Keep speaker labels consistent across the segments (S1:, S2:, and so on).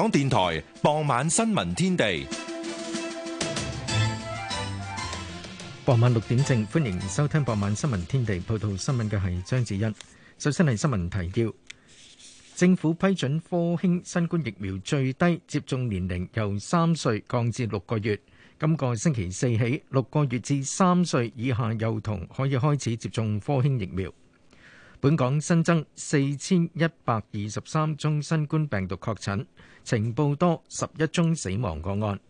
S1: 港電台傍晚新聞天地，傍晚六點
S2: 正，歡迎收聽傍晚新聞天地。報道新聞嘅係張子欣。首先係新聞提要：政府批准科興新冠疫苗最低接種年齡由三歲降至六個月。今個星期四起，六個月至三歲以下幼童可以開始接種科興疫苗。本港新增四千一百二十三宗新冠病毒確診，情報多十一宗死亡個案。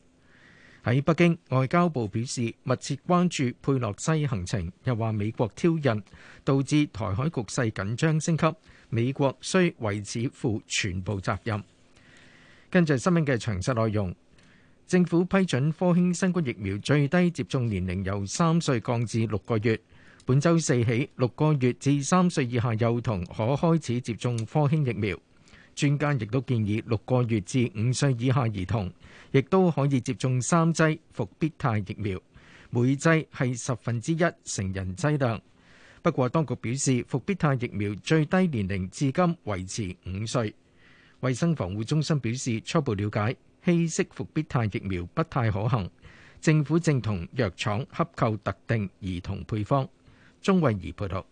S2: 喺北京，外交部表示密切關注佩洛西行程，又話美國挑釁導致台海局勢緊張升級，美國需為此負全部責任。根據新聞嘅詳細內容，政府批准科興新冠疫苗最低接種年齡由三歲降至六個月。本周四起，六個月至三歲以下幼童可開始接種科興疫苗。專家亦都建議六個月至五歲以下兒童，亦都可以接種三劑復必泰疫苗，每劑係十分之一成人劑量。不過，當局表示復必泰疫苗最低年齡至今維持五歲。衛生防護中心表示初步了解，稀釋復必泰疫苗不太可行。政府正同藥廠洽購特定兒童配方。鍾慧儀配道，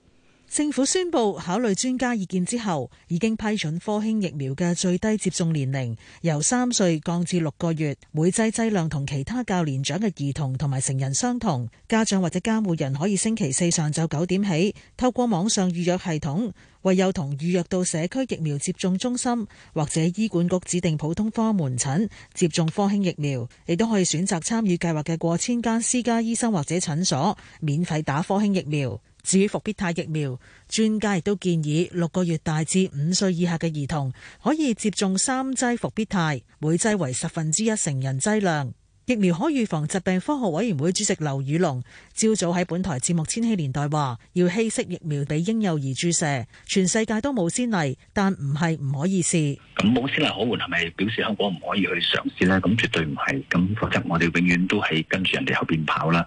S3: 政府宣布考慮專家意見之後，已經批准科興疫苗嘅最低接種年齡由三歲降至六個月，每劑劑量同其他較年長嘅兒童同埋成人相同。家長或者監護人可以星期四上晝九點起透過網上預約系統，為幼童預約到社區疫苗接種中心或者醫管局指定普通科門診接種科興疫苗，亦都可以選擇參與計劃嘅過千間私家醫生或者診所免費打科興疫苗。至於復必泰疫苗，專家亦都建議六個月大至五歲以下嘅兒童可以接種三劑復必泰，每劑為十分之一成人劑量。疫苗可預防疾病科學委員會主席劉宇隆朝早喺本台節目《千禧年代》話，要稀釋疫苗俾嬰幼兒注射，全世界都冇先例，但唔係唔可以試。咁冇先例可循，係咪表示香港唔可以去嘗試咧？咁絕對唔係，咁否則我哋永遠都係跟住人哋後邊跑啦。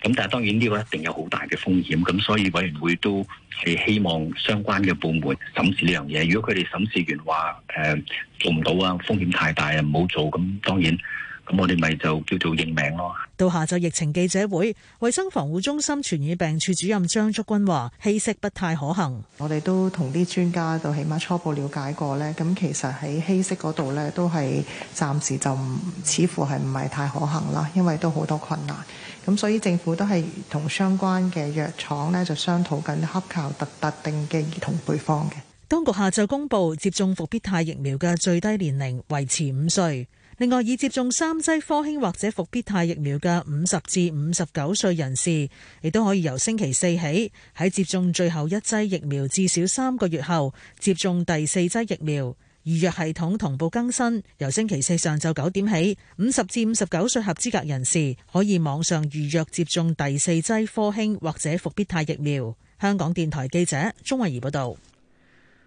S3: 咁但係當然呢個一定
S4: 有好大嘅風險，咁所以委員會都係希望相關嘅部門審視呢樣嘢。如果佢哋審視完話，誒、呃、做唔到啊，風險太大啊，唔好做。咁當然。咁我哋咪就叫做認命咯。
S3: 到下晝疫情記者會，衛生防護中心傳染病處主任張竹君話，稀釋不太可行。我哋都同啲專家都起碼初步了解過呢，咁其實喺稀釋嗰度呢，都係暫時就唔，似乎係唔係太可行啦。因為都好多困難。咁所以政府都係同相關嘅藥廠呢，就商討緊恰校特特定嘅兒童配方嘅。當局下晝公布接種復必泰疫苗嘅最低年齡維持五歲。另外，已接種三劑科興或者復必泰疫苗嘅五十至五十九歲人士，亦都可以由星期四起喺接種最後一劑疫苗至少三個月後接種第四劑疫苗。預約系統同步更新，由星期四上晝九點起，五十至五十九歲合資格人士可以網上預約接種第四劑科興或者復必泰疫苗。香港電台記者鍾慧儀報道。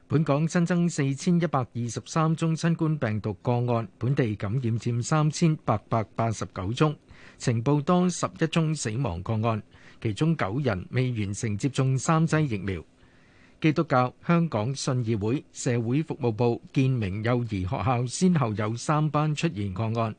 S2: 本港新增四千一百二十三宗新冠病毒個案，本地感染佔三千八百八十九宗，呈報多十一宗死亡個案，其中九人未完成接種三劑疫苗。基督教香港信義會社會服務部建明幼兒學校，先後有三班出現個案，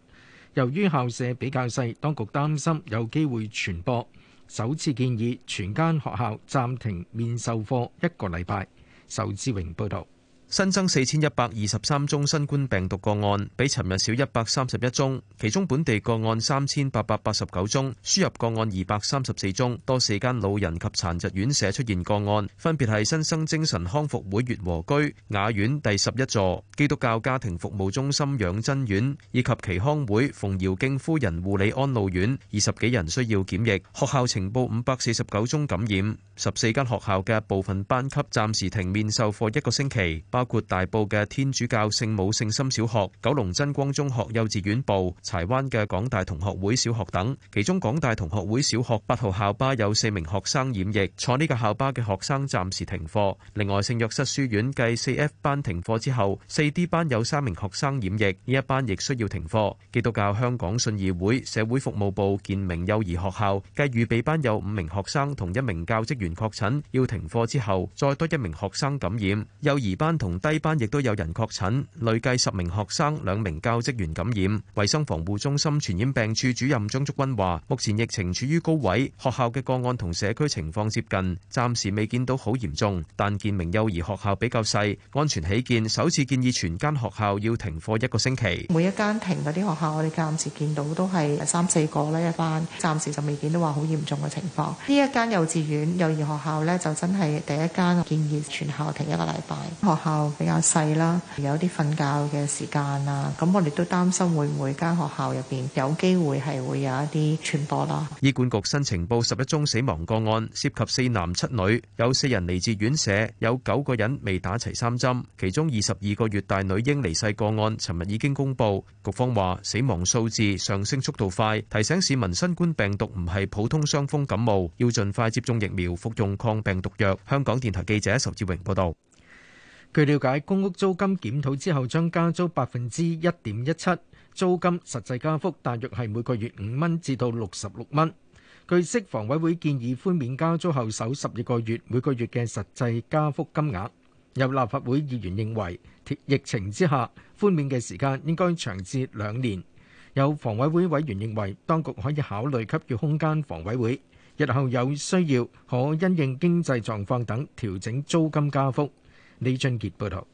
S2: 由於校舍比較細，當局擔心有機會傳播，首次建
S5: 議全間學校暫停面授課一個禮拜。仇志榮報道：新增四千一百二十三宗新冠病毒個案，比尋日少一百三十一宗。其中本地個案三千八百八十九宗，輸入個案二百三十四宗。多四間老人及殘疾院舍出現個案，分別係新生精神康復會悅和居雅苑第十一座、基督教家庭服務中心養真院以及耆康會馮堯敬夫人護理安老院。二十幾人需要檢疫。學校呈報五百四十九宗感染。十四間學校嘅部分班級暫時停面授課一個星期，包括大埔嘅天主教聖母聖心小學、九龍真光中學幼稚園部、柴灣嘅港大同學會小學等。其中港大同學會小學八號校巴有四名學生染疫，坐呢個校巴嘅學生暫時停課。另外聖約瑟書院繼四 F 班停課之後，四 D 班有三名學生染疫，呢一班亦需要停課。基督教香港信義會社會服務部健明幼兒學校繼預備班有五名學生同一名教職員。確診要停課之後，再多一名學生感染，幼兒班同低班亦都有人確診，累計十名學生、兩名教職員感染。衛生防護中心傳染病處主任張竹君話：目前疫情處於高位，學校嘅個案同社區情況接近，暫時未見到好嚴重。但見明幼兒學校比較細，安全起見，首次建議全間學校要停課一個星期。
S6: 每一間停嗰啲學校，我哋暫時見到都係三四個咧一班，暫時就未見到話好嚴重嘅情況。呢一間幼稚園又。而學校呢，就真係第一間建議全校停一個禮拜。學校比較細啦，有啲瞓覺嘅時間啊，咁我哋都擔心會唔會間學校入邊有機會係會有一啲傳播啦。
S5: 醫管局新呈報十一宗死亡個案，涉及四男七女，有四人嚟自院舍，有九個人未打齊三針。其中二十二個月大女嬰離世個案，尋日已經公布。局方話死亡數字上升速度快，提醒市民新冠病毒唔係普通傷風感冒，要盡快接種疫苗。用抗病毒藥。香港電台記者仇志榮報道。據了
S2: 解，公屋租金檢
S5: 討之後將加租百分之一點一七，租金實際
S2: 加幅大約係每個月五蚊至到六十六蚊。據悉，房委會建議寬免加租後首十二個月每個月嘅實際加幅金額。有立法會議員認為，疫情之下寬免嘅時間應該長至兩年。有房委會委員認為，當局可以考慮給予空間房委會。日後有需要，可因應經濟狀況等調整租金加幅。李俊杰報道：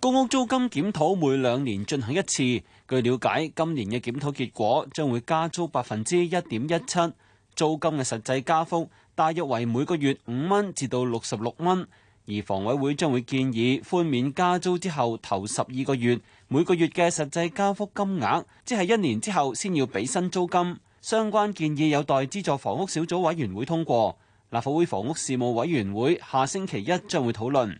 S4: 公屋租金檢討每兩年進行一次。據了解，今年嘅檢討結果將會加租百分之一點一七，租金嘅實際加幅大約為每個月五蚊至到六十六蚊。而房委會將會建議寬免加租之後頭十二個月每個月嘅實際加幅金額，即係一年之後先要俾新租金。相關建議有待資助房屋小組委員會通過，立法會房屋事務委員會下星期一將會討論。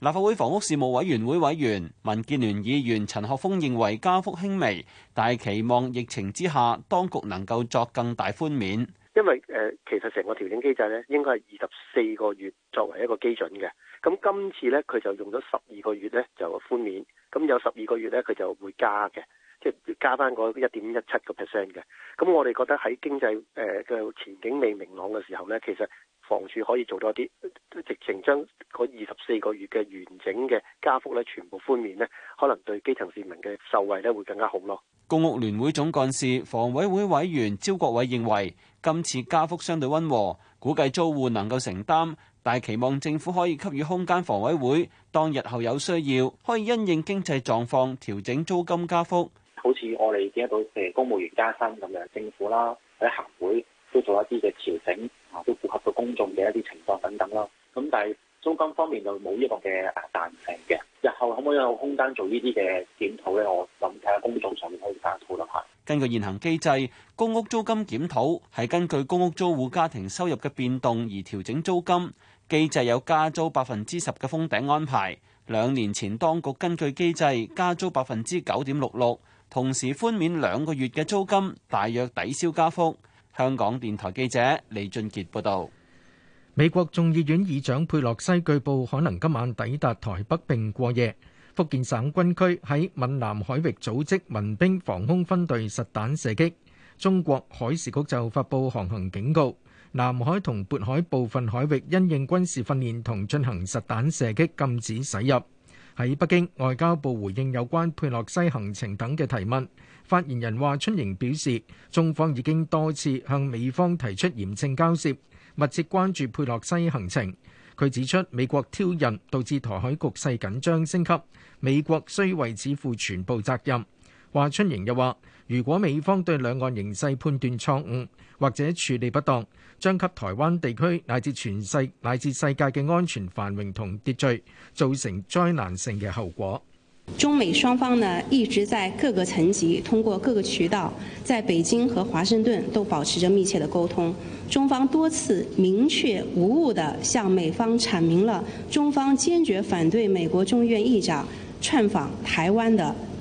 S4: 立法會房屋事務委員會委員、民建聯議員陳學鋒認為加幅輕微，但係期望疫情之下當局能夠作更大寬免。
S1: 因為誒、呃，其實成個調整機制呢，應該係二十四個月作為一個基準嘅。咁今次呢，佢就用咗十二個月呢就寬免，咁有十二個月呢，佢就，就會加嘅。即加翻嗰一點一七個 percent 嘅，咁我哋覺得喺經濟誒嘅前景未明朗嘅時候咧，其實房署可以做多啲，直情將嗰二十四個月嘅完整嘅加幅咧，全部寬免咧，可能對基層市民嘅受惠咧會更加好咯。
S4: 公屋聯會總幹事、房委會委員招國偉認為，今次加幅相對溫和，估計租戶能夠承擔，但係期望政府可以給予空間，房委會當日後有需要可以因應經濟狀況調整租金加幅。
S7: 好似我哋見得到，譬如公務員加薪咁樣，政府啦或者行會都做一啲嘅調整，都符合到公
S1: 眾嘅一啲情況等等啦。咁但係租金方面就冇呢個嘅彈性嘅，日後可唔可以有空間做呢啲嘅檢討咧？我諗睇下公眾上面可以點樣討論下。
S4: 根據現行機制，公屋租金檢討係根據公屋租戶家庭收入嘅變動而調整租金。機制有加租百分之十嘅封頂安排。兩年前當局根據機制加租百分之九點六六。同時，寬免兩個月嘅租金，大約抵消加幅。香港電台記者李俊傑報道。
S2: 美國眾議院議長佩洛西據報可能今晚抵達台北並過夜。福建省軍區喺閩南海域組織民兵防空分隊實彈射擊。中國海事局就發布航行警告，南海同渤海部分海域因應軍事訓練同進行實彈射擊，禁止駛入。喺北京，外交部回應有關佩洛西行程等嘅提問，發言人華春瑩表示，中方已經多次向美方提出嚴正交涉，密切關注佩洛西行程。佢指出，美國挑釁導致台海局勢緊張升級，美國需為此負全部責任。華春瑩又話。如果美方對兩岸形勢判斷錯誤或者處理不當，將給台灣地區乃至全世乃至世界嘅安全繁榮同秩序造成災難性嘅後果。
S8: 中美雙方呢一直在各個層級通過各個渠道，在北京和華盛頓都保持着密切的溝通。中方多次明確無誤的向美方闡明了中方堅決反對美國眾議院議長竄訪台灣的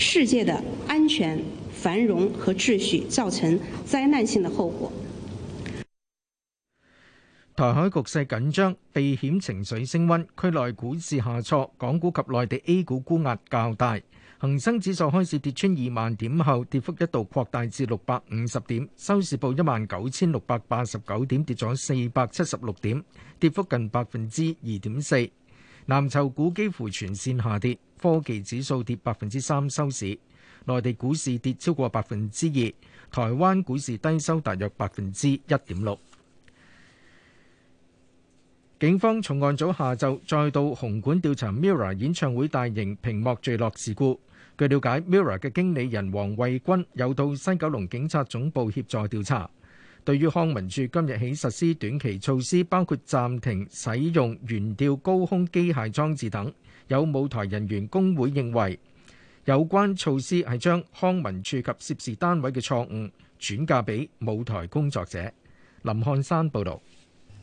S8: 世界的安全、繁榮和秩序造成災難性的後果。
S2: 台海局勢緊張，避險情緒升溫，區內股市下挫，港股及內地 A 股沽壓較大。恒生指數開始跌穿二萬點後，跌幅一度擴大至六百五十點，收市報一萬九千六百八十九點，跌咗四百七十六點，跌幅近百分之二點四。藍籌股幾乎全線下跌。科技指數跌百分之三收市，內地股市跌超過百分之二，台灣股市低收大約百分之一點六。警方重案組下晝再到紅館調查 MIRROR 演唱會大型屏幕墜落事故。據了解 MIRROR 嘅經理人黃慧君有到西九龍警察總部協助調查。對於康文署今日起實施短期措施，包括暫停使用懸吊高空機械裝置等。有舞台人員工會認為，有關措施係將康文署及涉事單位嘅錯誤轉嫁俾舞台工作者。林漢山報導。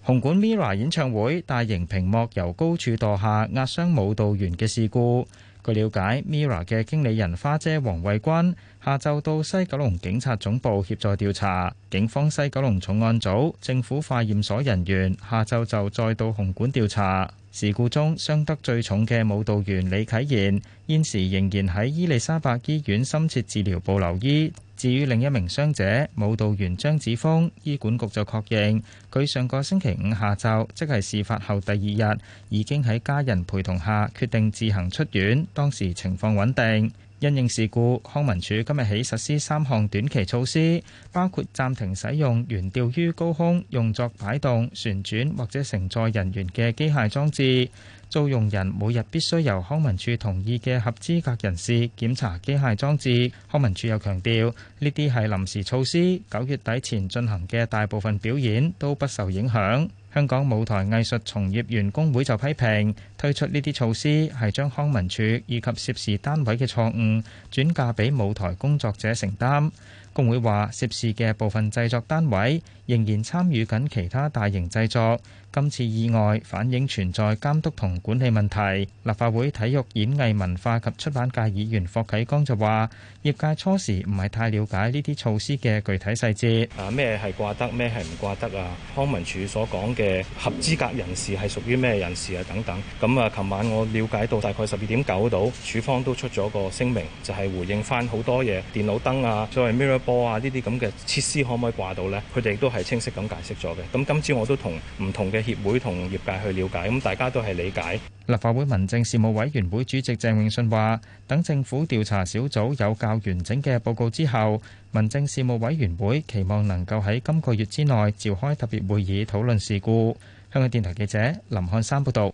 S2: 紅館 MIRROR 演唱
S9: 會大型屏幕由高處墮下壓傷舞蹈員嘅事故。據了解，MIRROR 嘅經理人花姐黃慧君下晝到西九龍警察總部協助調查。警方西九龍重案組、政府化驗所人員下晝就再到紅館調查。事故中傷得最重嘅舞蹈員李啟言，現時仍然喺伊麗莎白醫院深切治療部留醫。至於另一名傷者舞蹈員張梓峯，醫管局就確認佢上個星期五下晝，即係事發後第二日，已經喺家人陪同下決定自行出院，當時情況穩定。因應事故，康文署今日起實施三項短期措施，包括暫停使用懸吊於高空用作擺動、旋轉或者承載人員嘅機械裝置。租用人每日必須由康文署同意嘅合資格人士檢查機械裝置。康文署又強調，呢啲係臨時措施，九月底前進行嘅大部分表演都不受影響。香港舞台藝術從業員工會就批評推出呢啲措施係將康文署以及涉事單位嘅錯誤轉嫁俾舞台工作者承擔。工會話涉事嘅部分製作單位仍然參與緊其他大型製作，今次意外反映存在監督同管理問題。立法會體育、演藝、文化及出版界議員霍啟剛就話業界初時唔係太了解呢啲措施嘅具體細節啊，咩係掛得，咩係唔掛得啊？康文署所講嘅合資格人士係屬於咩人士啊？等等。咁啊，琴晚我了解到大概十二點九度，署方都出咗個聲明，就係、是、回應翻好多嘢，電腦燈啊，所謂 mirror。波啊！呢啲咁嘅設施可唔可以掛到咧？佢哋都係清晰咁解釋咗嘅。咁今次我都同唔同嘅協會同業界去了解，咁大家都係理解。立法會民政事務委員會主席鄭泳舜話等政府調查小組有較完整嘅報告之後，民政事務委員會期望能夠喺今個月之內召開特別會議討論事故。香港電台記者林漢山報道。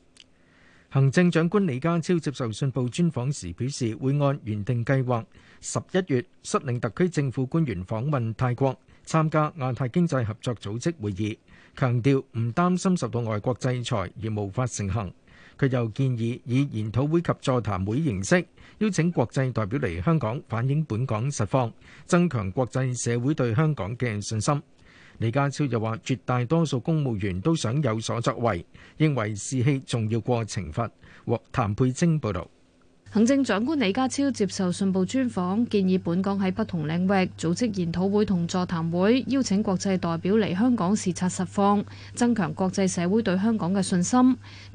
S2: 行政長官李家超接受信報專訪時表示，會按原定計劃。十一月率領特區政府官員訪問泰國，參加亞太經濟合作組織會議，強調唔擔心受到外國制裁而無法成行。佢又建議以研討會及座談會形式，邀請國際代表嚟香港反映本港實況，增強國際社會對香港嘅信心。李家超又話：絕大多數公務員都想有所作為，認為士氣重要過懲罰。獲譚佩晶報導。
S10: 行政長官李家超接受信報專訪，建議本港喺不同領域組織研討會同座談會，邀請國際代表嚟香港視察實況，增強國際社會對香港嘅信心。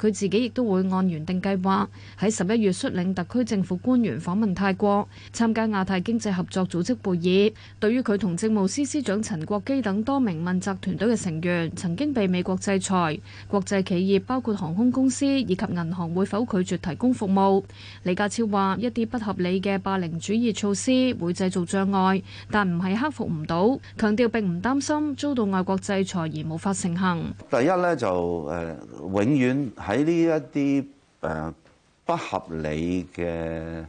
S10: 佢自己亦都會按原定計劃喺十一月率領特區政府官員訪問泰國，參加亞太經濟合作組織會議。對於佢同政務司司長陳國基等多名問責團隊嘅成員曾經被美國制裁，國際企業包括航空公司以及銀行會否拒絕提供服務？李家超話一啲不合理嘅霸凌主義措施會製造障礙，但唔係克服唔到。強調並唔擔心遭到外國制裁而無法成行。
S7: 第一咧就誒、呃，永遠喺呢一啲誒、呃、不合理嘅誒、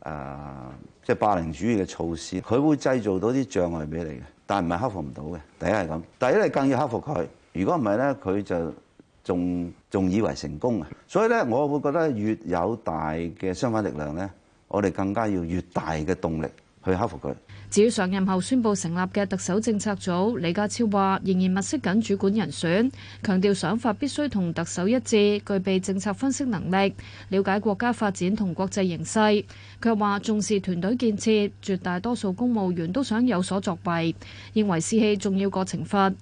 S7: 呃，即係霸凌主義嘅措施，佢會製造到啲障礙俾你嘅，但唔係克服唔到嘅。第一係咁，第一你更要克服佢。如果唔係咧，佢就仲，仲以為成功啊！所以咧，我會覺得越有大嘅相反力量咧，我哋更加要越大嘅動力去克服佢。
S10: 至於上任後宣布成立嘅特首政策組，李家超話仍然物色緊主管人選，強調想法必須同特首一致，具備政策分析能力，了解國家發展同國際形勢。佢話重視團隊建設，絕大多數公務員都想有所作為，認為士氣重要過懲罰。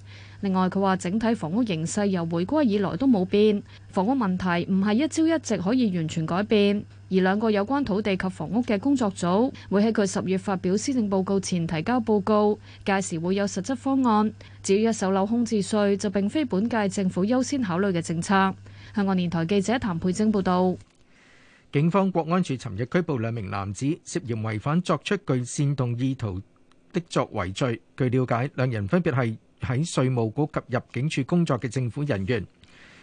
S10: 另外，佢話整體房屋形勢由回歸以來都冇變，房屋問題唔係一朝一夕可以完全改變。而兩個有關土地及房屋嘅工作組會喺佢十月發表施政報告前提交報告，屆時會有實質方案。至於一手樓空置稅，就並非本屆政府優先考慮嘅政策。香港電台記者譚佩晶報道。
S2: 警方國安處尋日拘捕兩名男子，涉嫌違反作出具煽動意圖的作為罪。據瞭解，兩人分別係喺稅務局及入境處工作嘅政府人員，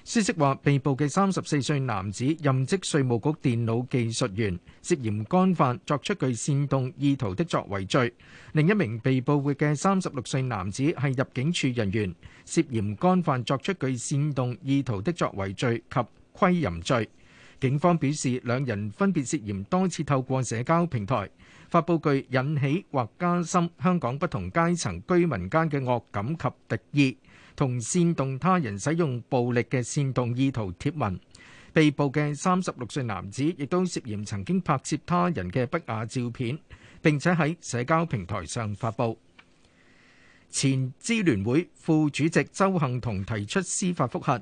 S2: 消息話被捕嘅三十四歲男子任職稅務局電腦技術員，涉嫌干犯作出具煽動意圖的作為罪；另一名被捕嘅三十六歲男子係入境處人員，涉嫌干犯作出具煽動意圖的作為罪及窺淫罪。警方表示，兩人分別涉嫌多次透過社交平台。發佈具引起或加深香港不同階層居民間嘅惡感及敵意，同煽動他人使用暴力嘅煽動意圖貼文。被捕嘅三十六歲男子亦都涉嫌曾經拍攝他人嘅不雅照片，並且喺社交平台上發布。前支聯會副主席鄒幸彤提出司法復核，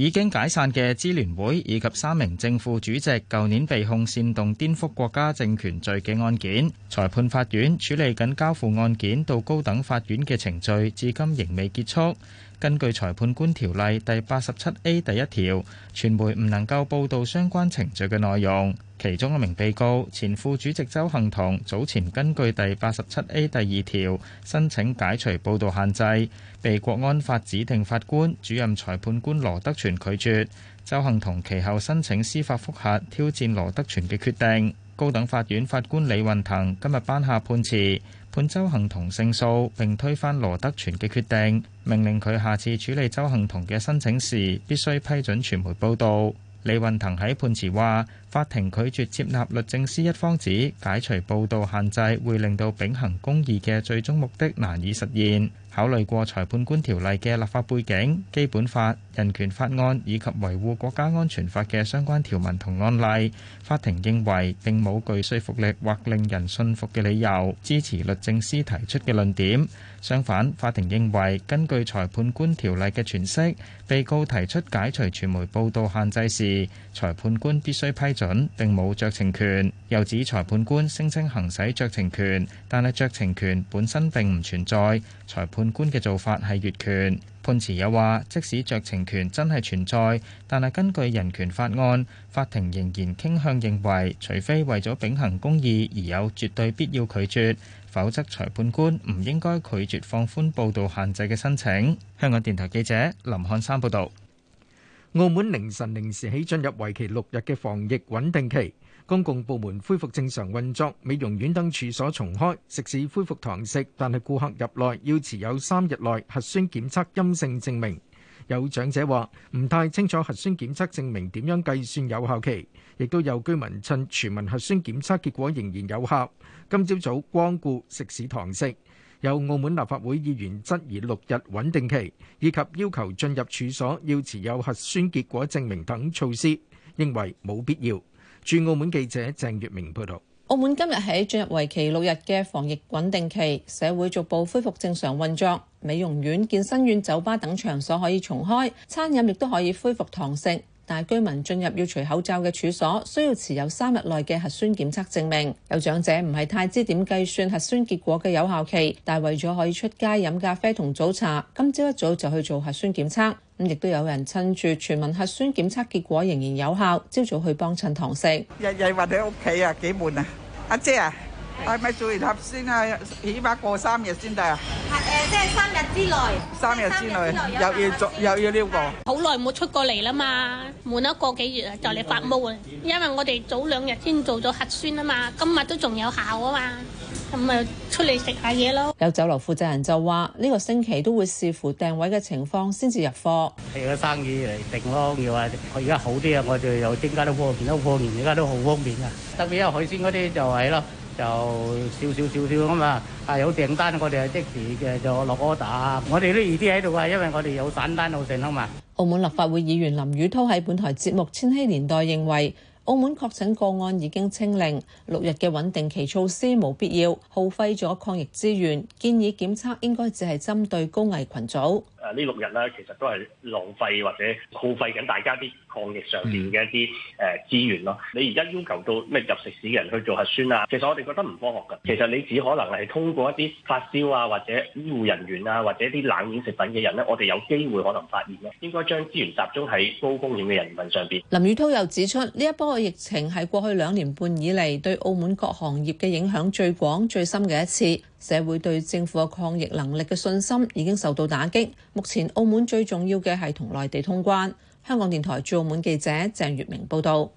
S2: 已經解散嘅支聯
S9: 會以及三名正副主席，舊年被控煽動顛覆國家政權罪嘅案件，裁判法院處理緊交付案件到高等法院嘅程序，至今仍未結束。根據裁判官條例第八十七 A 第一條，傳媒唔能夠報道相關程序嘅內容。其中一名被告前副主席鄒幸彤早前根據第八十七 A 第二條申請解除報道限制。被國安法指定法官主任裁判官羅德全拒絕。周幸彤其後申請司法覆核挑戰羅德全嘅決定。高等法院法官李運騰今日頒下判詞，判周幸彤勝訴，並推翻羅德全嘅決定，命令佢下次處理周幸彤嘅申請時必須批准傳媒報道。李運騰喺判詞話，法庭拒絕接納律政司一方指解除報道限制，會令到秉行公義嘅最終目的難以實現。考慮過裁判官條例嘅立法背景、基本法、人權法案以及維護國家安全法嘅相關條文同案例，法庭認為並冇具說服力或令人信服嘅理由支持律政司提出嘅論點。相反，法庭認為根據裁判官條例嘅詮釋，被告提出解除傳媒報導限制時，裁判官必須批准並冇酌情權，又指裁判官聲稱行使酌情權，但係酌情權本身並唔存在。裁判判官嘅做法係越權。判詞又話，即使酌情權真係存在，但係根據《人權法案》，法庭仍然傾向認為，除非為咗秉行公義而有絕對必要拒絕，否則裁判官唔應該拒絕放寬報道限制嘅申請，香港電台記者林漢山報道。
S2: 澳門凌晨零時起進入為期六日嘅防疫穩定期，公共部門恢復正常運作，美容院等處所重開，食肆恢復堂食，但係顧客入內要持有三日內核酸檢測陰性證明。有長者話唔太清楚核酸檢測證明點樣計算有效期，亦都有居民趁全民核酸檢測結果仍然有效，今朝早光顧食肆堂食。有澳門立法會議員質疑六日穩定期，以及要求進入處所要持有核酸結果證明等措施，認為冇必要。駐澳門記者鄭月明報導。
S8: 澳門今日起進入為期六日嘅防疫穩定期，社會逐步恢復正常運作，美容院、健身院、酒吧等場所可以重開，餐飲亦都可以恢復堂食。但居民進入要除口罩嘅處所，需要持有三日內嘅核酸檢測證明。有長者唔係太知點計算核酸結果嘅有效期，但係為咗可以出街飲咖啡同早茶，今朝一早就去做核酸檢測。咁亦都有人趁住全民核酸檢測結果仍然有效，朝早去幫襯堂食。
S6: 日日韞喺屋企啊，幾悶啊！阿姐，姐啊！
S2: 係咪做完核酸啊，起碼過三日先得啊。係誒，即係三日之內。三日之內又要做，又要呢個。
S11: 好耐冇出過嚟啦嘛，悶一個幾月啊，就嚟發毛啦。因為我哋早兩日先做咗核酸啊嘛，今日都仲有效啊嘛，咁咪出嚟食下
S8: 嘢咯。有酒樓負責人就話：呢個星期都會視乎訂位嘅情況先至入貨。
S7: 睇個生意嚟定咯，要啊！佢而家好啲啊，我哋又增加咗貨源，啲貨面而家都好方便噶，特別有海鮮嗰啲就係咯。就少少少少咁啊，啊有訂單我哋係即時嘅就落 order 啊。我哋都易啲喺度啊，因為我哋有散單到成啊嘛。
S8: 澳門立法會議員林宇滔喺本台節目《千禧年代》認為。澳門確診個案已經清零，六日嘅穩定期措施冇必要，耗費咗抗疫資源，建議檢測應該只係針對高危群
S1: 組。誒呢六日呢，其實都係浪費或者耗費緊大家啲抗疫上面嘅一啲誒資源咯。Mm. 你而家要求到咩入食市嘅人去做核酸啊？其實我哋覺得唔科學㗎。其實你只可能係通過一啲發燒啊，或者醫護人員啊，或者啲冷鏈食品嘅人呢，我哋有機會可能發現咯。應該將資源集中喺高風險嘅人羣上邊。
S8: 林宇滔又指出，呢一波，疫情係過去兩年半以嚟對澳門各行業嘅影響最廣、最深嘅一次。社會對政府嘅抗疫能力嘅信心已經受到打擊。目前澳門最重要嘅係同內地通關。香港電台駐澳門記者鄭月明報道。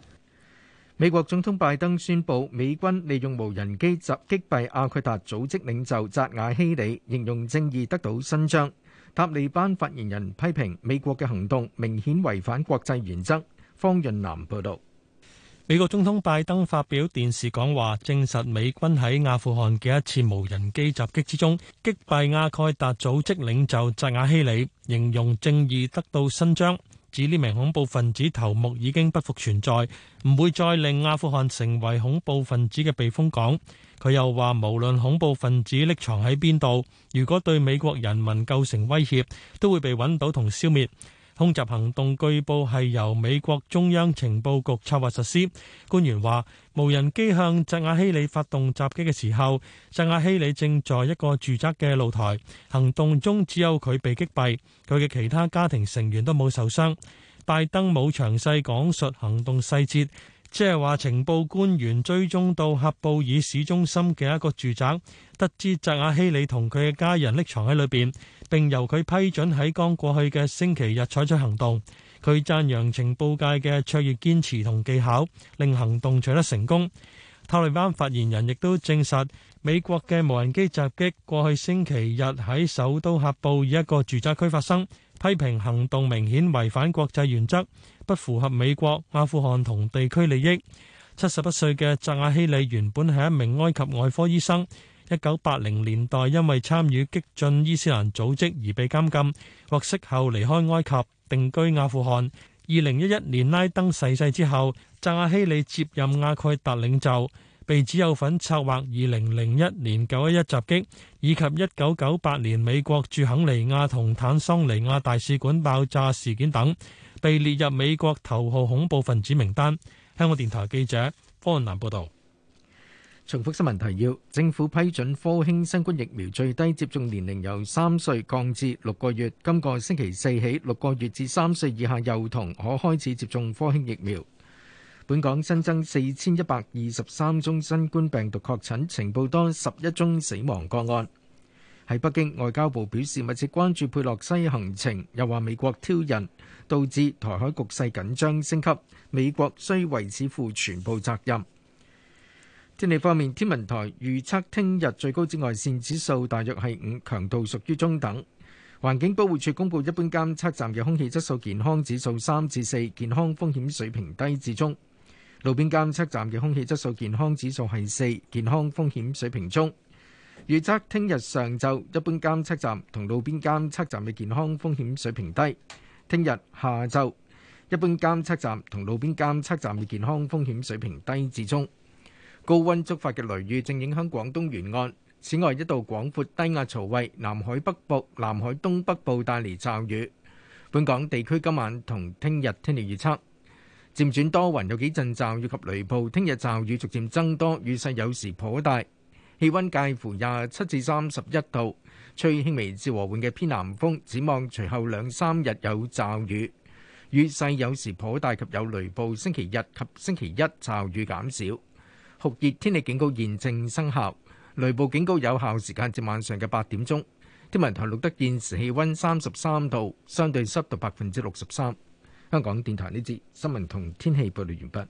S2: 美國總統拜登宣布美軍利用無人機襲擊斃阿奎達組織領袖扎瓦希里，形容正義得到伸張。塔利班發言人批評美國嘅行動明顯違反國際原則。方
S1: 潤南報道。美國總統拜登發表電視講話，證實美軍喺阿富汗嘅一次無人機襲擊之中擊斃阿蓋達組織領袖扎瓦希里，形容正義得到伸張，指呢名恐怖分子頭目已經不復存在，唔會再令阿富汗成為恐怖分子嘅避風港。佢又話，無論恐怖分子匿藏喺邊度，如果對美國人民構成威脅，都會被揾到同消滅。空襲行動據報係由美國中央情報局策劃實施。官員話，無人機向扎瓦希里發動襲擊嘅時候，扎瓦希里正在一個住宅嘅露台。行動中只有佢被擊斃，佢嘅其他家庭成員都冇受傷。拜登冇詳細講述行動細節。即係話，情報官員追蹤到喀布爾市中心嘅一個住宅，得知扎瓦希里同佢嘅家人匿藏喺裏邊，並由佢批准喺剛過去嘅星期日採取行動。佢讚揚情報界嘅卓越堅持同技巧，令行動取得成功。塔利班發言人亦都證實，美國嘅無人機襲擊過去星期日喺首都喀布爾一個住宅區發生，批評行動明顯違反國際原則。不符合美國、阿富汗同地區利益。七十一歲嘅扎瓦希里原本係一名埃及外科醫生，一九八零年代因為參與激進伊斯蘭組織而被監禁，獲釋後離開埃及，定居阿富汗。二零一一年拉登逝世之後，扎瓦希里接任阿蓋達領袖，被指有份策劃二零零一年九一一襲擊，以及一九九八年美國駐肯尼亞同坦桑尼亞大使館爆炸事件等。被列入美國頭號恐怖分子名單。香港電台記者方南報道。重複新聞提
S2: 要：政府批准科興新冠疫苗最低接種年齡由三歲降至六個月。今個星期四起，六個月至三歲以下幼童可開始接種科興疫苗。本港新增四千一百二十三宗新冠病毒確診，呈報多十一宗死亡個案。喺北京，外交部表示密切關注佩洛西行程，又話美國挑釁，導致台海局勢緊張升級，美國須為此負全部責任。天氣方面，天文台預測聽日最高紫外線指數大約係五，強度屬於中等。環境保護署公布一般監測站嘅空氣質素健康指數三至四，健康風險水平低至中。路邊監測站嘅空氣質素健康指數係四，健康風險水平中。預測聽日上晝一般監測站同路邊監測站嘅健康風險水平低。聽日下晝，一般監測站同路邊監測站嘅健康風險水平低至中。高溫觸發嘅雷雨正影響廣東沿岸。此外，一道廣闊低壓槽為南海北部、南海東北部帶嚟驟雨。本港地區今晚同聽日天氣預測，漸轉多雲，有幾陣驟雨及雷暴。聽日驟雨逐漸增多，雨勢有時頗大。氣溫介乎廿七至三十一度。吹輕微至和緩嘅偏南風，展望隨後兩三日有驟雨，雨勢有時頗大及有雷暴。星期日及星期一驟雨減少。酷熱天氣警告現正生效，雷暴警告有效時間至晚上嘅八點鐘。天文台錄得現時氣温三十三度，相對濕度百分之六十三。香港電台呢節新聞同天氣報道完畢。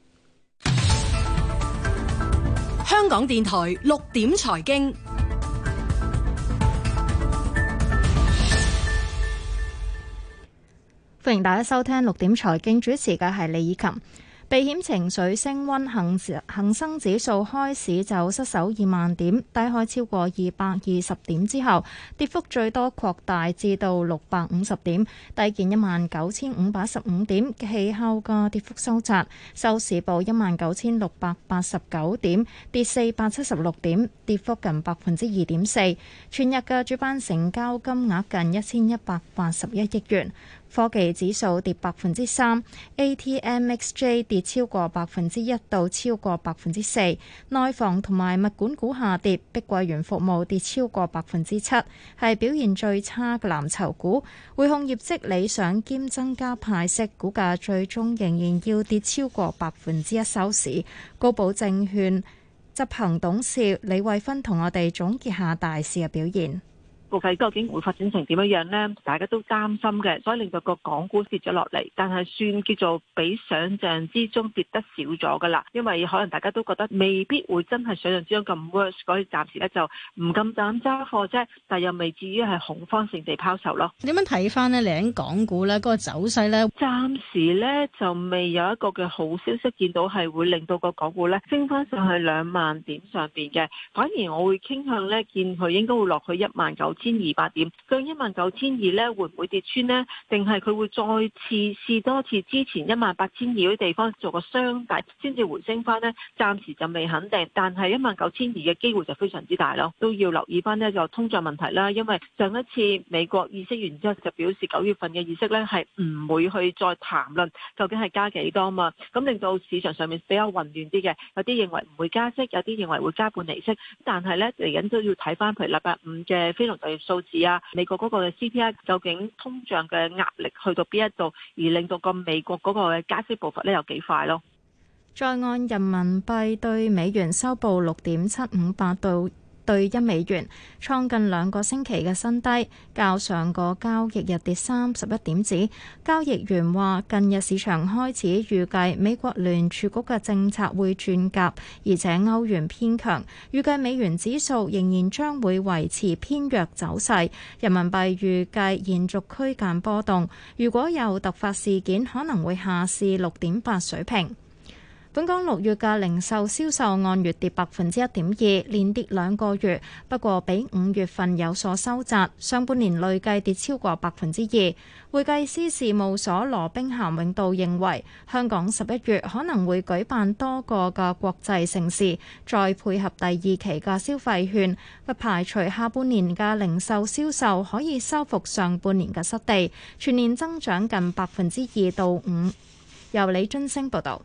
S3: 香港電台六點財經。
S11: 歡迎大家收聽六點財經，主持嘅係李以琴。避險情緒升温恒，恒恒生指數開市就失守二萬點，低開超過二百二十點之後，跌幅最多擴大至到六百五十點，低見一萬九千五百十五點。其後嘅跌幅收窄，收市報一萬九千六百八十九點，跌四百七十六點，跌幅近百分之二點四。全日嘅主板成交金額近一千一百八十一億元。科技指數跌百分之三，ATMXJ 跌超過百分之一到超過百分之四，內房同埋物管股下跌，碧桂園服務跌超過百分之七，係表現最差嘅藍籌股。匯控業績理想兼增加派息，股價最終仍然要跌超過百分之一收市。高寶證券執行董事李慧芬同我哋總結下大市嘅表現。
S6: 究竟會發展成點樣樣呢？大家都擔心嘅，所以令到個港股跌咗落嚟。但係算叫做比想像之中跌得少咗㗎啦，因為可能大家都覺得未必會真係想像之中咁 worse，所以暫時呢就唔咁膽揸貨啫。但又未至於係恐慌性地拋售咯。點
S3: 樣睇翻呢？你喺港股呢嗰、那個走勢呢，暫
S6: 時呢就未有一個嘅好消息見到係會令到個港股呢升翻上去兩萬點上邊嘅。反而我會傾向呢，見佢應該會落去一萬九千千二百點，向一萬九千二咧，會唔會跌穿呢？定係佢會再次試多次之前一萬八千二嗰啲地方做個雙底，先至回升翻呢？暫時就未肯定，但係一萬九千二嘅機會就非常之大咯，都要留意翻呢個通脹問題啦。因為上一次美國議息完之後就表示九月份嘅議息咧係唔會去再談論究竟係加幾多嘛，咁令到市場上面比較混亂啲嘅，有啲認為唔會加息，有啲認為會加半厘息，但係咧嚟緊都要睇翻，譬如禮拜五嘅非農就。數字啊，美國嗰個 CPI，究竟通脹嘅壓力去到邊一度，而令到個美國嗰個加息步伐咧有幾快咯？
S11: 在岸人民幣兌美元收報六點七五八到。兌一美元創近兩個星期嘅新低，較上個交易日跌三十一點子。交易員話：近日市場開始預計美國聯儲局嘅政策會轉鴿，而且歐元偏強，預計美元指數仍然將會維持偏弱走勢。人民幣預計延續區間波動，如果有突發事件，可能會下試六點八水平。本港六月嘅零售銷售按月跌百分之一點二，連跌兩個月。不過，比五月份有所收窄。上半年累計跌超過百分之二。會計師事務所羅兵咸永道認為，香港十一月可能會舉辦多個嘅國際城市，再配合第二期嘅消費券，不排除下半年嘅零售銷售可以收復上半年嘅失地，全年增長近百分之二到五。由李津星報道。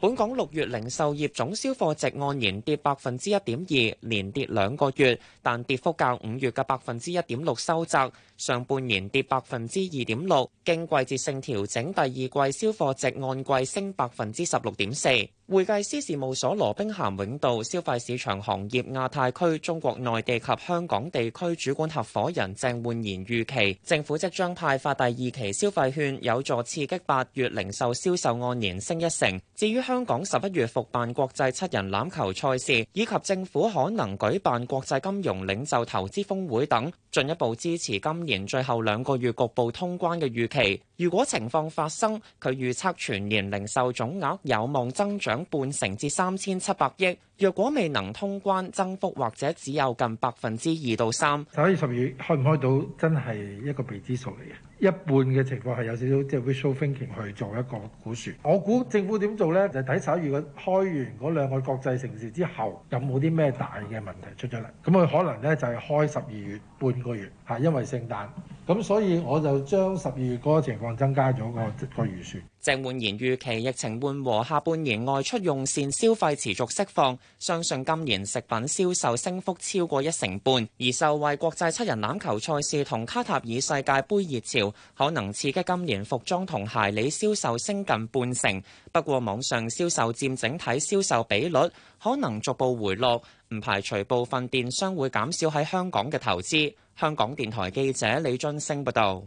S7: 本港六月零售業總銷貨值按年跌百分之一點二，連跌兩個月，但跌幅較五月嘅百分之一點六收窄。上半年跌百分之二點六，經季節性調整，第二季銷貨值按季升百分之十六點四。會計師事務所羅兵咸永道消費市場行業亞太區中國內地及香港地區主管合伙人鄭煥然預期，政府即將派發第二期消費券，有助刺激八月零售銷售銷售按年升一成。至於香港十一月復辦國際七人欖球賽事，以及政府可能舉辦國際金融領袖投資峰會等，進一步支持金年最後兩個月局部通關嘅預期，如果情況發生，佢預測全年零售總額有望增長半成至三千七百億。若果未能通關，增幅或者只有近百分之二到三。
S2: 十一、十二月開唔開到，真係一個未知數嚟嘅。一半嘅情況係有少少即係 visual thinking 去做一個估算。我估政府點做呢？就睇十一月嘅開完嗰兩個國際城市之後，有冇啲咩大嘅問題出咗嚟。咁佢可能呢就係開十二月半個月，係因為聖誕。咁所以我就將十二月嗰個情況增加咗嗰個個預算。
S7: 的鄭煥言預期疫情緩和，下半年外出用膳消費持續釋放，相信今年食品銷售升幅超過一成半。而受惠國際七人欖球賽事同卡塔爾世界杯熱潮，可能刺激今年服裝同鞋履銷售升近半成。不過網上銷售佔整體銷售比率可能逐步回落，唔排除部分電商會減少喺香港嘅投資。香港電台記者李津升報道。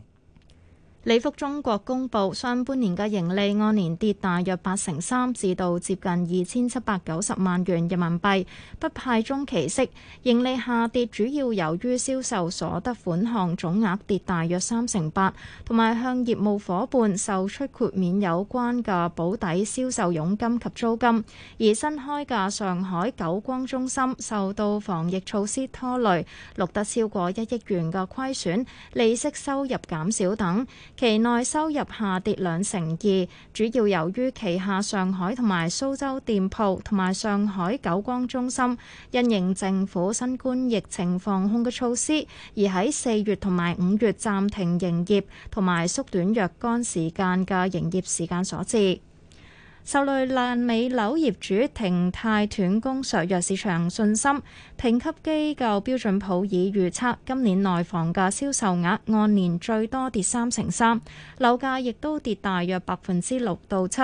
S11: 李福中國公布上半年嘅盈利按年跌大約八成三，至到接近二千七百九十萬元人民幣，不派中期息。盈利下跌主要由於銷售所得款項總額跌大約三成八，同埋向業務伙伴售出豁免有關嘅保底銷售佣金及租金。而新開嘅上海久光中心受到防疫措施拖累，錄得超過一億元嘅虧損，利息收入減少等。期內收入下跌兩成二，主要由於旗下上海同埋蘇州店鋪同埋上海九光中心因應政府新冠疫情防控嘅措施，而喺四月同埋五月暫停營業同埋縮短若干時間嘅營業時間所致。受累爛尾樓業主停貸斷供削弱市場信心，評級機構標準普爾預測今年內房價銷售額按年最多跌三成三，樓價亦都跌大約百分之六到七。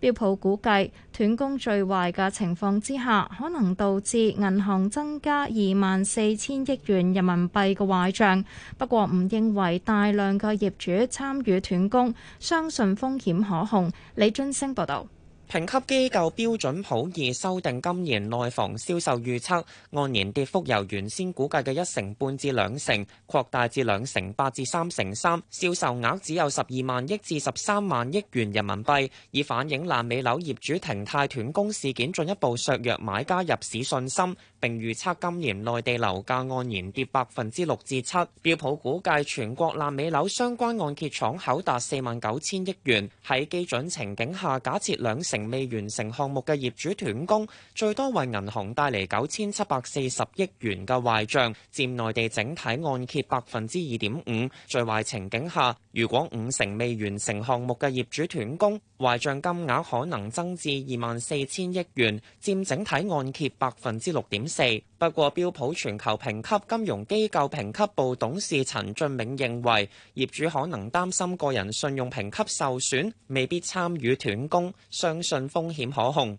S11: 標普估計斷供最壞嘅情況之下，可能導致銀行增加二萬四千億元人民幣嘅壞帳。不過唔認為大量嘅業主參與斷供，相信風險可控。李津星報導。
S7: 評級機構標準普爾修訂今年內房銷售預測，按年跌幅由原先估計嘅一成半至兩成，擴大至兩成八至三成三，銷售額只有十二萬億至十三萬億元人民幣，以反映爛尾樓業主停貸斷供事件進一步削弱買家入市信心。並預測今年內地樓價按年跌百分之六至七。標普估計全國爛尾樓相關按揭敞口達四萬九千億元。喺基準情景下，假設兩成未完成項目嘅業主斷供，最多為銀行帶嚟九千七百四十億元嘅壞賬，佔內地整體按揭百分之二點五。最壞情景下，如果五成未完成項目嘅業主斷供，壞帳金額可能增至二萬四千億元，佔整體按揭百分之六點四。不過，標普全球評級金融機構評級部董事陳俊銘認為，業主可能擔心個人信用評級受損，未必參與斷供，相信風
S1: 險可控。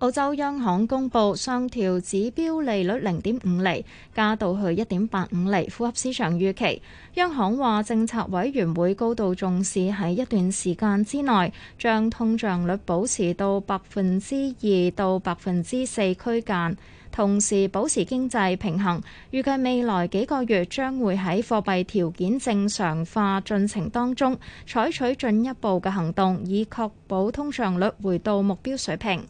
S11: 澳洲央行公布上調指標利率零點五厘，加到去一點八五厘，符合市場預期。央行話，政策委員會高度重視喺一段時間之內將通脹率保持到百分之二到百分之四區間，同時保持經濟平衡。預計未來幾個月將會喺貨幣條件正常化進程當中採取進一步嘅行動，以確保通脹率回到目標水平。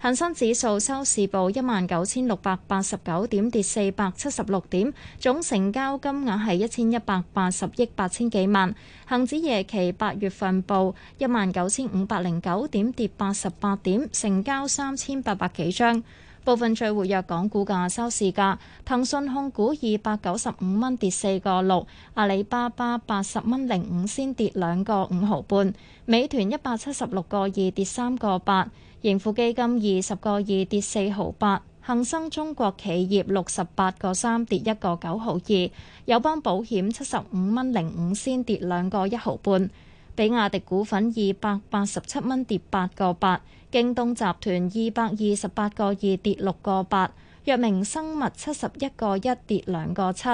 S11: 恒生指數收市報一萬九千六百八十九點，跌四百七十六點，總成交金額係一千一百八十億八千幾萬。恒指夜期八月份報一萬九千五百零九點，跌八十八點，成交三千八百幾張。部分最活躍港股價收市價，騰訊控股二百九十五蚊，跌四個六；阿里巴巴八十蚊零五，先跌兩個五毫半；美團一百七十六個二，跌三個八。盈富基金二十個二跌四毫八，恒生中國企業六十八個三跌一個九毫二，友邦保險七十五蚊零五先跌兩個一毫半，比亞迪股份二百八十七蚊跌八個八，京東集團二百二十八個二跌六個八，藥明生物七十一個一跌兩個七，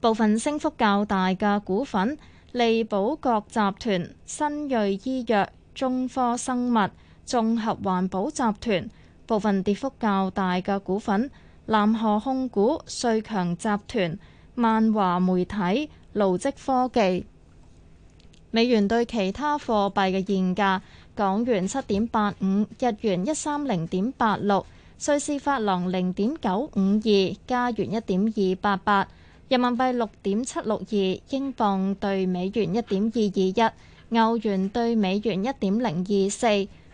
S11: 部分升幅較大嘅股份，利寶國集團、新瑞醫藥、中科生物。綜合環保集團部分跌幅較大嘅股份，南河控股、瑞強集團、萬華媒體、勞積科技。美元對其他貨幣嘅現價：港元七點八五，日元一三零點八六，瑞士法郎零點九五二，加元一點二八八，人民幣六點七六二，英鎊對美元一點二二一，歐元對美元一點零二四。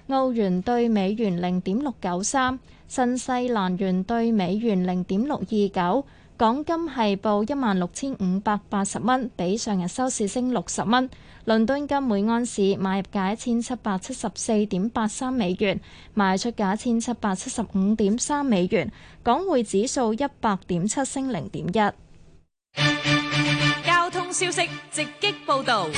S11: 澳元對美元零點六九三，新西蘭元對美元零點六二九，港金係報一萬六千五百八十蚊，比上日收市升六十蚊。倫敦金每盎司買入價一千七百七十四點八三美元，賣出價一千七百七十五點三美元。港匯指數一百點七升零點一。
S10: 交通消息直擊報導。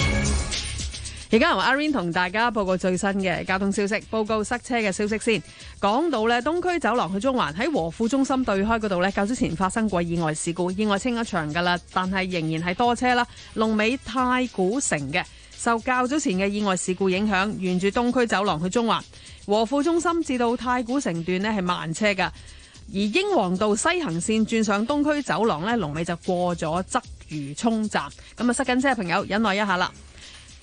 S12: 而家由阿 rain 同大家報告最新嘅交通消息，報告塞車嘅消息先。講到咧東區走廊去中環喺和富中心對開嗰度咧，較早前發生過意外事故，意外清一場噶啦，但係仍然係多車啦。龍尾太古城嘅，受較早前嘅意外事故影響，沿住東區走廊去中環和富中心至到太古城段咧係慢車噶。而英皇道西行線轉上東區走廊咧，龍尾就過咗鰂魚涌站，咁啊塞緊車嘅朋友，忍耐一下啦。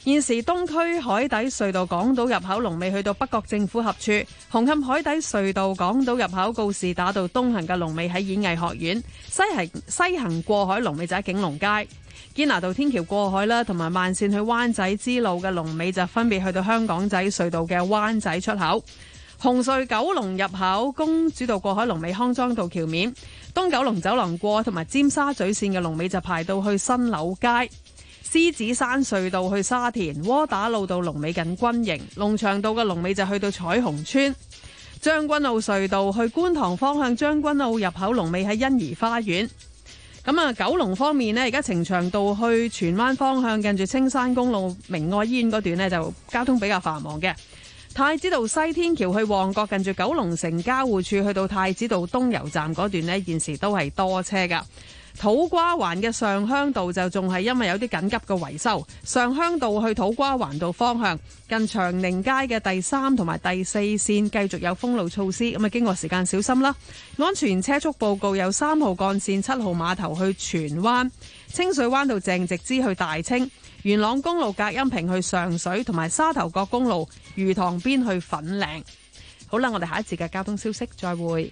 S12: 現時東區海底隧道港島入口龍尾去到北角政府合署，紅磡海底隧道港島入口告士打道東行嘅龍尾喺演藝學院，西行西行過海龍尾就喺景隆街，堅拿道天橋過海啦，同埋慢線去灣仔之路嘅龍尾就分別去到香港仔隧道嘅灣仔出口，紅隧九龍入口公主道過海龍尾康莊道橋面，東九龍走廊過同埋尖沙咀線嘅龍尾就排到去新柳街。獅子山隧道去沙田窩打老道龍尾近軍營，龍翔道嘅龍尾就去到彩虹村。將軍澳隧道去觀塘方向將軍澳入口龍尾喺欣怡花園。咁啊，九龍方面呢，而家呈祥道去荃灣方向近住青山公路明愛醫院嗰段呢，就交通比較繁忙嘅。太子道西天橋去旺角近住九龍城交匯處去到太子道東油站嗰段呢，現時都係多車噶。土瓜灣嘅上鄉道就仲係因為有啲緊急嘅維修，上鄉道去土瓜灣道方向，近長寧街嘅第三同埋第四線繼續有封路措施，咁啊經過時間小心啦。安全車速報告有三號幹線、七號碼頭去荃灣、清水灣道鄭植之去大清、元朗公路隔音屏去上水同埋沙頭角公路魚塘邊去粉嶺。好啦，我哋下一節嘅交通消息再會。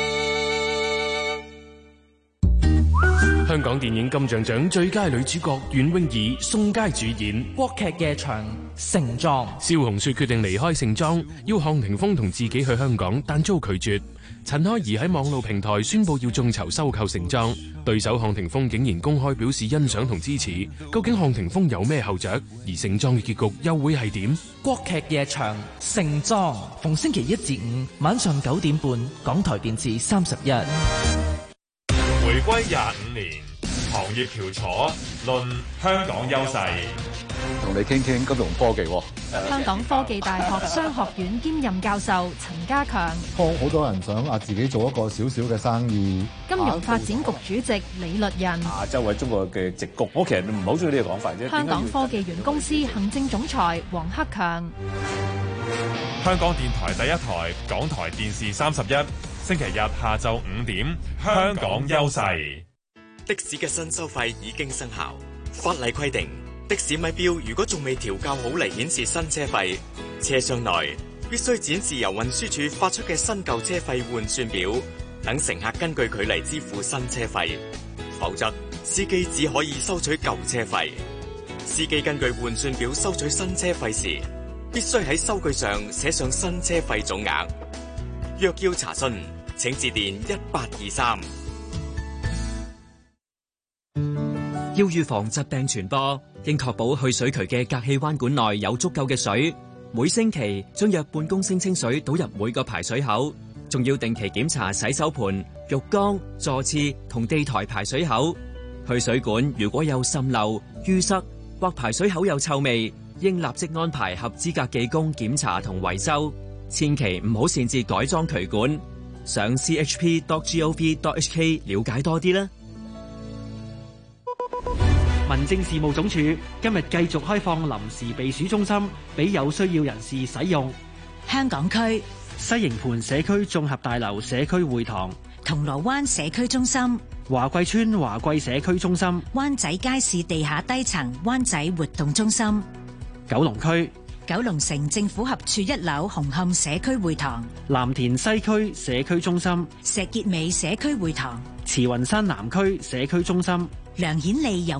S5: 香港電影金像獎最佳女主角袁詠儀、宋佳主演。國劇夜場《盛裝》，蕭紅雪決定離開盛裝，要項霆鋒同自己去香港，但遭拒絕。陳開怡喺網絡平台宣布要眾籌收購盛裝，對手項霆鋒竟然公開表示欣賞同支持。究竟項霆鋒有咩後着？而盛裝嘅結局又會係點？國劇夜場《盛裝》，逢星期一至五晚上九點半，港台電
S4: 視三十一。
S5: 回歸廿五年，行業翹楚，
S1: 論香港優勢，
S4: 同你傾傾金融科技。
S10: 香港
S11: 科技大學商學院兼任教授陳家強。
S1: 好， 多人想啊，自己做一個小小嘅生意。
S11: 金融發展局主席李律仁。亞
S1: 洲喺中國嘅
S5: 直局。我其實唔好中意呢個講法啫。香港科
S11: 技園公司行政總裁黃克強。
S5: 香港電台第一台，港台電視三十一。星期日下晝五點，
S4: 香港
S5: 優勢。的士嘅新收費已經生效。法例規定，的士咪表如果仲未調校好嚟顯示新車費，
S7: 車廂內必須展示由運輸署發出嘅新舊車費換算表，等乘客根據佢嚟支付新車費。否則，司機只可以收取舊車費。司機根據換算表收取新車費時，必須喺收據上寫上新車費總額。若要查詢，請致電1823。要預防疾病傳播，應確保去水渠嘅隔氣彎管內有足夠嘅水，每星期將約半公升清水倒入每個排水口，仲要定期檢查洗手盆、浴缸、坐廁同地台排水口，去水管如果有滲漏，淤塞或排水口有臭味，應立即安排合資格技工檢查同維修。千祈唔好擅自改裝渠管，上
S4: chp.gov.hk 了解多啲啦。民政事務總署今日繼續開放臨時避暑中心，俾有需要人士使用。香港區西營盤社區綜合大樓社區會
S3: 堂、銅鑼灣社區中心、華貴村華貴社區中心、灣仔街市地下低層灣仔活動中心、九龍區。九龍城政府合署一樓紅磡社區會堂、
S4: 藍田西區社區中心、
S3: 石硤尾社區會堂、
S4: 慈雲山南區社區中心、
S3: 梁顯利油。